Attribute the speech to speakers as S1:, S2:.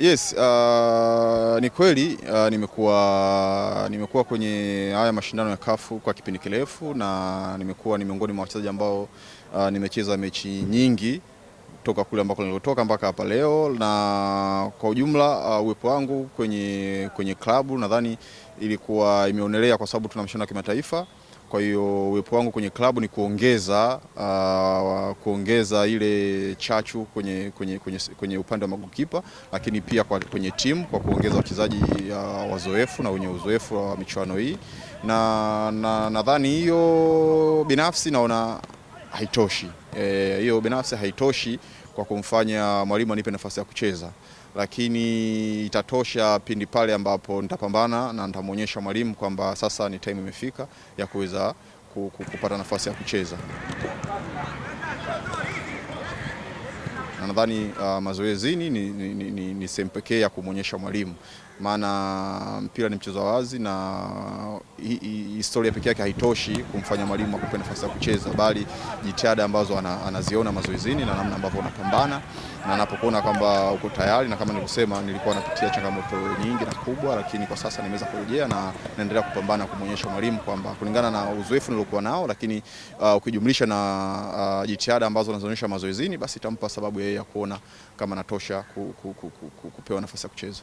S1: Yes, uh, ni kweli uh, nimekuwa nimekuwa kwenye haya mashindano ya kafu kwa kipindi kirefu na nimekuwa ni miongoni mwa wachezaji ambao uh, nimecheza mechi nyingi toka kule ambako nilitoka mpaka hapa leo, na kwa ujumla uh, uwepo uh, wangu kwenye, kwenye klabu nadhani ilikuwa imeonelea kwa sababu tuna mashindano wa kimataifa. Kwa hiyo uwepo wangu kwenye klabu ni kuongeza uh, kuongeza ile chachu kwenye, kwenye, kwenye, kwenye upande wa magukipa lakini pia kwa, kwenye timu kwa kuongeza wachezaji uh, wazoefu na wenye uzoefu wa michuano hii, na nadhani na hiyo binafsi naona haitoshi e, hiyo. E, binafsi haitoshi kwa kumfanya mwalimu anipe nafasi ya kucheza, lakini itatosha pindi pale ambapo nitapambana na nitamwonyesha mwalimu kwamba sasa ni time imefika ya kuweza kupata nafasi ya kucheza na nadhani uh, mazoezini ni, ni, ni, ni, ni sehemu pekee ya kumwonyesha mwalimu, maana mpira ni mchezo wazi na hi, hi, historia pekee yake haitoshi kumfanya mwalimu akupe nafasi ya kucheza, bali jitihada ambazo ana, anaziona mazoezini na namna ambavyo unapambana na anapokuona kwamba uko tayari. Na kama nilivyosema, nilikuwa napitia changamoto nyingi na kubwa, lakini kwa sasa nimeweza kurejea na naendelea kupambana kumwonyesha mwalimu kwamba kulingana na uzoefu nilokuwa nao, lakini uh, ukijumlisha na uh, jitihada ambazo anazionyesha mazoezini, basi itampa sababu ya ya kuona kama natosha ku, ku, ku, ku, kupewa nafasi ya kucheza.